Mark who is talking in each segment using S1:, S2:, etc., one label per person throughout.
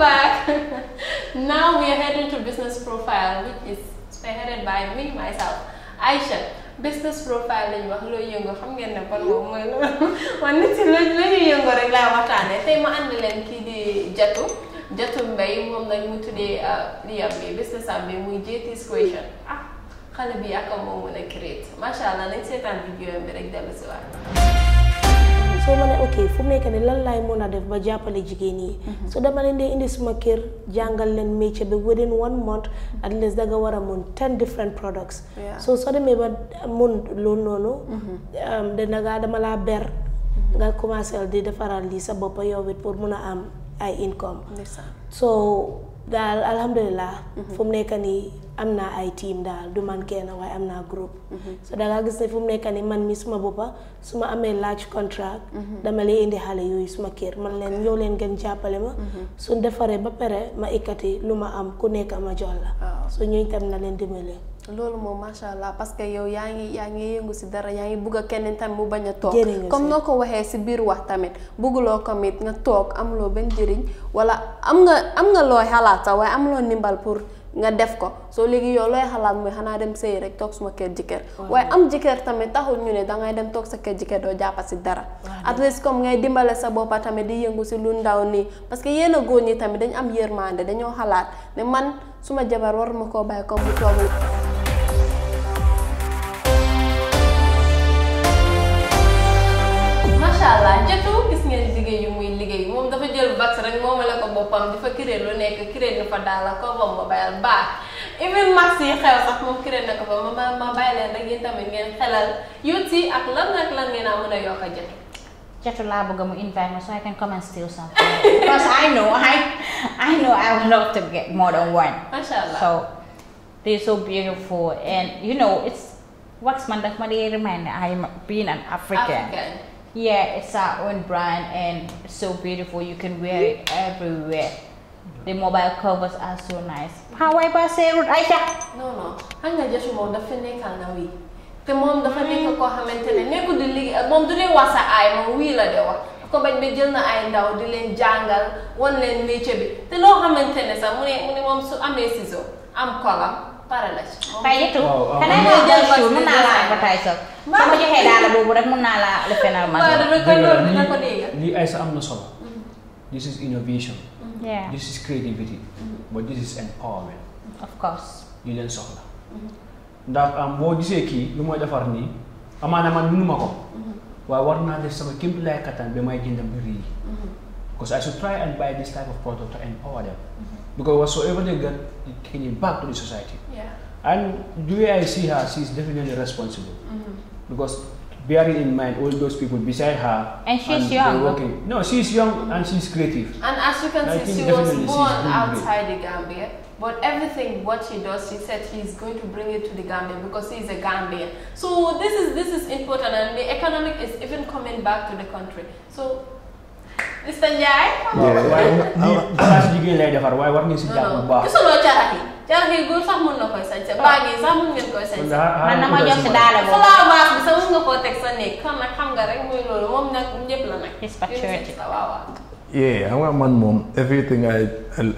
S1: back. now we are heading to business profile which is spearheaded by me myself Aïcha business profile lañu wax looy yëngu xam ngeen ne ban moom mooy loolu man si la ñuy yëngu rek laa waxtaanee tey ma ànd leen kii di Jatu Jatu Mbay moom nag mu tuddee euh, lii am bi business am bi muy JT's Creation ah xale bi ak moom mën a créer macha allah nañ seetaan vidéo bi rek dellu si waat. soo ma ne ok fu mu nekk nii lan laay mën a def ba jàppale jigéen yi. Mhm. so dama leen dee indi suma kër jàngal leen métier bi within one month mhm. at least da war a mun ten different products. so soo demee ba mun loolu noonu. Mhm. Um, dana ngaa dama laa ber. nga commencé di defaral lii sa bopp yow it pour mun a am ay income. so daal alhamdulilah. fu mu nekk nii. am naa ay team daal du man kenn waaye am naa groupe. Mhm. so da nga gis ne fu mu nekk ni man mi suma boppa su ma amee large contract. Mhm. dama lay indi xale yooyu suma kër man leen ñëw leen ngeen jàppale ma. Mhm. su defaree ba pare ma ikkati lu ma am ku nekk ma jox la. so ñooñu tam na leen dimbale. loolu moom macha allah parce que yow yaa ngi yaa ngi yëngu si dara yaa ngi bugg a kenn tamit mu bañ a toog comme noo ko waxee si biir wax tamit bugguloo commit nga toog amuloo benn njëriñ wala am nga am nga looy xalaat sax waaye amuloo ndimbal pour nga def ko soo léegi yow looy xalaat mooy xanaa dem sëy rek toog suma kër jëkkër waaye am jikkër tamit taxul ñu ne dangay dem toog sa kër jëkkër doo jàppal si dara at least comme ngay dimbale sa boppa tamit di yëngu si lu ndaw nii parce que yéen góor ñi tamit dañ am yërmande dañoo xalaat ne man suma jabar war ma koo bàyyi comme bu toog laajte tu gis ngeen liggéey yu muy liggéey moom dafa jël vax rek moom la ko boppam dafa créer lu nekk créer na fa daala ko ba ma bayal baax even max yi xew sax moom créer na ko fa ma ma bàyyi leen rek yéen tamit ngeen xelal youth yi ak lan nag lan ngeen a mën a yokk a jot
S2: Chato Laboga mu invite me so I can come and steal something. because I know I I know I would love to get more than one. Mashallah. So they're so beautiful and you know it's Waxman that money remind I'm being an African. African. Yeah, it's our own brand and so beautiful. You can wear it mm-hmm. everywhere. The mobile covers are so nice. How However, say Aisha. No, no. Hanga just mo da fene
S1: kana wi. Te mom da fene ko xamante ne neku di li mom du len wasa ay mo wi la de wax. Ko bañ be jël na ay ndaw di jungle, jangal, won len The low Te lo xamante ne sa mu ne mu ne mom su amé ciseau, am color, parallèle. Faye
S2: Diatou naa la advertise ma joxee daal boobu rek mën naa la
S3: defee naa man. lii ay sa am na solo. this is innovation. yeah this is creativity. but this is empowerment. of course. ñu leen soxla. ndax am boo gisee kii lu mooy defar nii amaana man mënuma ko. Mhm. waaye war naa def sama kéem lay kattan ba may jëndam bi rii. Mhm. because I should try and buy this type of product to empower them. Mhm. because whatsoever they get, it came back to the society. Yeah. And the way I see her, she's definitely responsible mm -hmm. because bearing in mind all those people beside her. And she's and young. Working. No, she's young mm -hmm. and she's creative. And as you can and see, she was born outside
S1: the Gambia. But everything what she does, she said she's going to bring it to the Gambia because she's a Gambian. So this is this is important, and the economic is even coming back to the country. So Mr Ndiaye.
S3: waaye defar waaye war nañu si jàpp bu baax. gisuloo
S1: carax yi carax yi góor sax mën na koy sañse baag yi sax mën ngeen koy
S3: sañse. man dama jox si daala boobu. waaw
S1: baax bi sax mën nga koo teg sa néeg xam nag xam nga rek muy loolu moom nag ñëpp la nag. dispatchurity waaw waaw.
S4: yeah xam nga man moom everything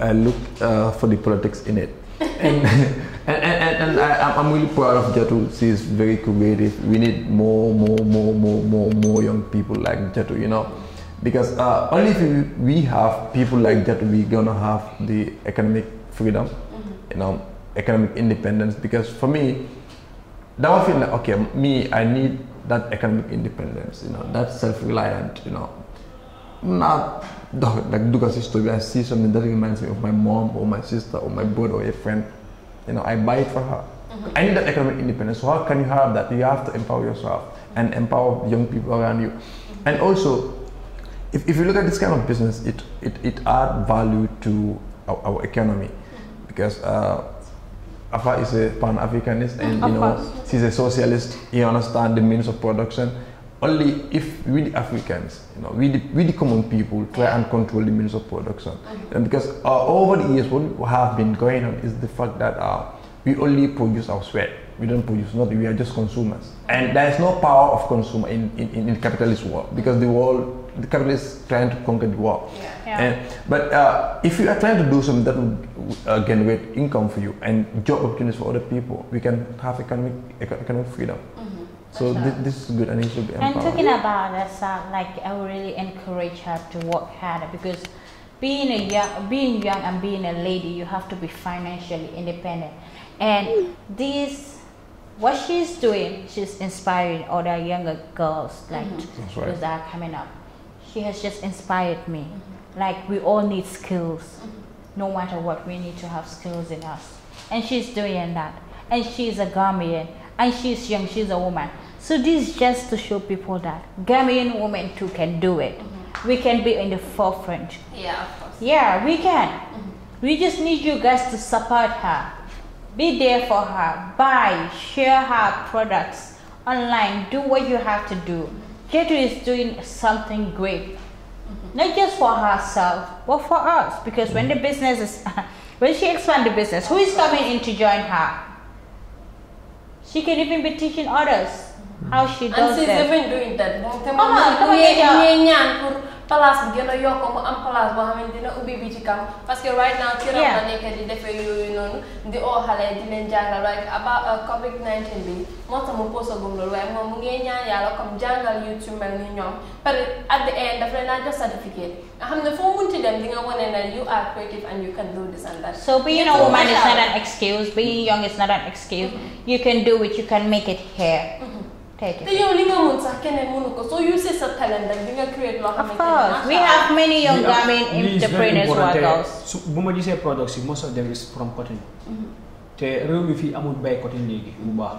S4: I look uh, for the politics in it. and, I, am really proud of Jatu. She's very creative. We need more, more, more, more, more, more young because uh, only if we, we have people like that we're gonna have the economic freedom mm-hmm. you know economic independence because for me now i feel like okay me i need that economic independence you know that self-reliant you know not like Dukas history i see something that reminds me of my mom or my sister or my brother or a friend you know i buy it for her mm-hmm. i need that economic independence so how can you have that you have to empower yourself and empower young people around you mm-hmm. and also if, if you look at this kind of business, it, it, it add value to our, our economy mm-hmm. because uh, Afa is a pan-Africanist and you know she's a socialist. He understands the means of production. Only if we the Africans, you know, we the, we the common people try and control the means of production. Mm-hmm. And because uh, over the years, what have been going on is the fact that uh, we only produce our sweat. We don't produce nothing. We are just consumers. And there is no power of consumer in, in, in capitalist world because the world the capital is trying to conquer the world. Yeah. yeah. And, but uh, if you are trying to do something that will uh, generate income for you and job opportunities for other people, we can have economic economic freedom. Mm-hmm. So sure. this, this, is good and it should be. Empowered. And talking
S2: about this, uh, like I would really encourage her to work harder because being a young, being young and being a lady, you have to be financially independent. And this what she's doing, she's inspiring other younger girls like mm-hmm. right. that are coming up he has just inspired me. Like we all need skills. No matter what, we need to have skills in us. And she's doing that. And she's a Ghanian, And she's young, she's a woman. So this is just to show people that Ghanian women too can do it. We can be in the forefront. Yeah, of course. Yeah, we can. We just need you guys to support her. Be there for her. Buy, share her products online. Do what you have to do. Katie is doing something great, mm -hmm. not just for herself, but for us. Because when the business is, when she expands the business, who is coming in to join her? She can even be teaching others how she does and she's that. even doing that. Come on, come
S1: place bi gën a yokk mu am place boo xam ne dina ubbi bi ci kaw parce que right now ci ram la nekk di defee yooyu noonu di oo xale di leen jàngal like about uh, covid 19 bi moo tax mu posagum loolu waaye moom mu ngi ñaan yàlla comme jàngal youtube ci mel ni ñoom parce at the end daf leen naa jox certificate nga xam ne foo munti dem di nga wane na you are creative and you can do this
S2: and that so being a woman is not an excuse being young is not an excuse mm-hmm. you can do it you can make it here mm-hmm. take te yow li nga mën
S1: sax keneen mënu ko so use sa talent rek bi nga create loo xamante ne. of course we have many young Gambian
S2: entrepreneurs who
S3: su bu ma gisee products yi most of them is from cotton. te réew mi fii amul bay léegi bu baax.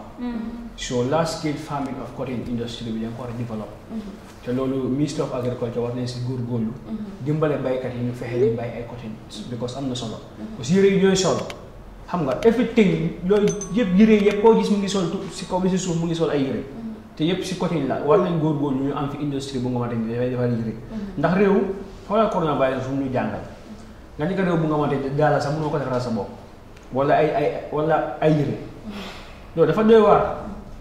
S3: so large scale farming of cotton industry bi dañ ko war a te loolu ministre of agriculture war si góorgóorlu. Mm-hmm. dimbale baykat yi ñu fexe ñu bay ay cotton because am na solo. Mm-hmm. parce que yi ñooy solo. xam nga everything yooyu yëpp yére yëpp koo gis mu ngi sol si kaw bi si suuf mu ngi sol ay yére. te yëpp si côté yi la war nañ góorgóorlu ñu am fi industrie bu nga xamante ni dafay defar yére ndax réew xoolal coronavirus fu mu ñu jàngal nga ni ko réew bu nga xamante ni daal sax ko defaral sa bopp wala ay ay wala ay yére loolu dafa doy waar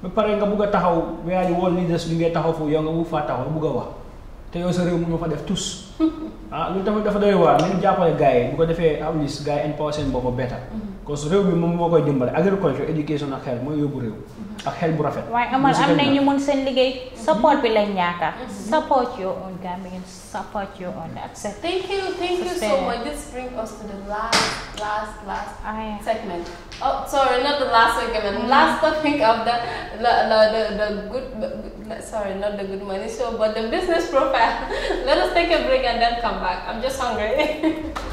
S3: ba pare nga bugg a taxaw waaye ni woon li des li ngay taxaw foofu yow nga bugg faa taxaw bugg a wax te yow sa réew mënoo def tous ah loolu dafa dafa doy waar nañ jàppale yi bu ko defee am lis gars yi imposen boppa betal Because que réew mi moom to koy jëmbale agriculture éducation ak xel you yóbbu réew ak xel bu rafet waaye amal am na ñu
S2: mun seen liggéey mm-hmm. support bi lañ support your own Gambian support your own accent thank you
S1: thank you so much this brings us to the last last last oh, segment oh sorry not the last segment mm-hmm. last topic of the the the, the good sorry not the good money show but the business profile let us take a break and then come back I'm just hungry